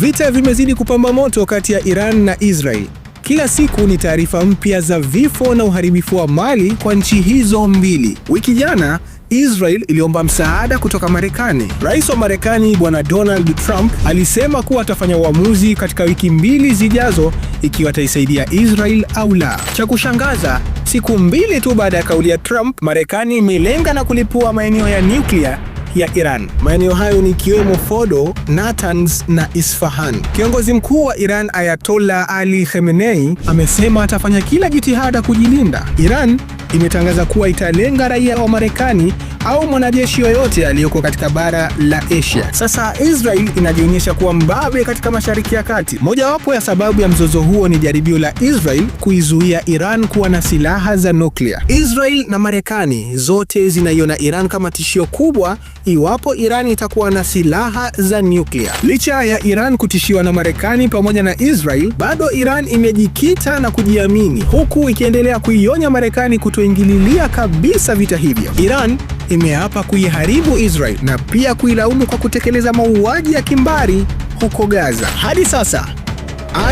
Vita vimezidi kupamba moto kati ya Iran na Israel. Kila siku ni taarifa mpya za vifo na uharibifu wa mali kwa nchi hizo mbili. Wiki jana Israel iliomba msaada kutoka Marekani. Rais wa Marekani Bwana Donald Trump alisema kuwa atafanya uamuzi katika wiki mbili zijazo ikiwa ataisaidia Israel au la. Cha kushangaza, siku mbili tu baada ya kauli ya Trump, Marekani imelenga na kulipua maeneo ya nyuklia ya Iran. Maeneo hayo ni ikiwemo Fordo, Natanz na Isfahan. Kiongozi mkuu wa Iran Ayatollah Ali Khamenei amesema atafanya kila jitihada kujilinda. Iran imetangaza kuwa italenga raia wa Marekani au mwanajeshi yoyote aliyoko katika bara la Asia. Sasa Israel inajionyesha kuwa mbabe katika Mashariki ya Kati. Mojawapo ya sababu ya mzozo huo ni jaribio la Israel kuizuia Iran kuwa na silaha za nuklia. Israel na Marekani zote zinaiona Iran kama tishio kubwa iwapo Iran itakuwa na silaha za nuklia. Licha ya Iran kutishiwa na Marekani pamoja na Israel, bado Iran imejikita na kujiamini, huku ikiendelea kuionya Marekani kutoingililia kabisa vita hivyo. Iran imeapa kuiharibu Israel na pia kuilaumu kwa kutekeleza mauaji ya kimbari huko Gaza. Hadi sasa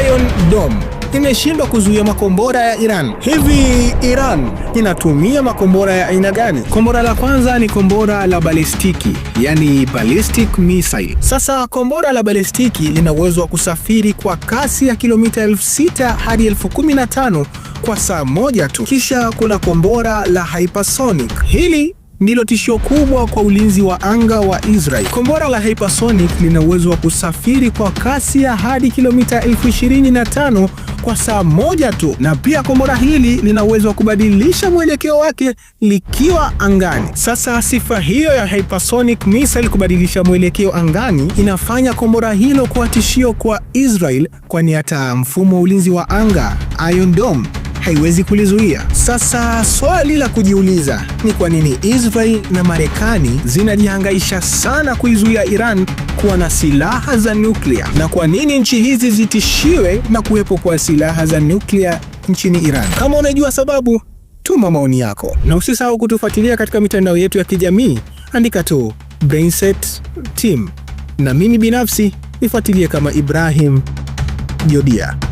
Iron Dome imeshindwa kuzuia makombora ya Iran. Hivi Iran inatumia makombora ya aina gani? Kombora la kwanza ni kombora la balistiki, yani ballistic missile. Sasa kombora la balistiki lina uwezo wa kusafiri kwa kasi ya kilomita 6000 hadi 15000 kwa saa moja tu. Kisha kuna kombora la hypersonic. Hili ndilo tishio kubwa kwa ulinzi wa anga wa Israel. Kombora la hypersonic lina uwezo wa kusafiri kwa kasi ya hadi kilomita elfu ishirini na tano kwa saa moja tu, na pia kombora hili lina uwezo wa kubadilisha mwelekeo wake likiwa angani. Sasa sifa hiyo ya hypersonic missile kubadilisha mwelekeo angani inafanya kombora hilo kuwa tishio kwa Israel, kwani hata mfumo wa ulinzi wa anga Iron Dome haiwezi kulizuia. Sasa swali la kujiuliza ni kwa nini Israel na Marekani zinajihangaisha sana kuizuia Iran kuwa na silaha za nyuklia, na kwa nini nchi hizi zitishiwe na kuwepo kwa silaha za nyuklia nchini Iran? Kama unajua sababu, tuma maoni yako na usisahau kutufuatilia katika mitandao yetu ya kijamii, andika tu Brainset Team, na mimi binafsi nifuatilie kama Ibrahim Jodia.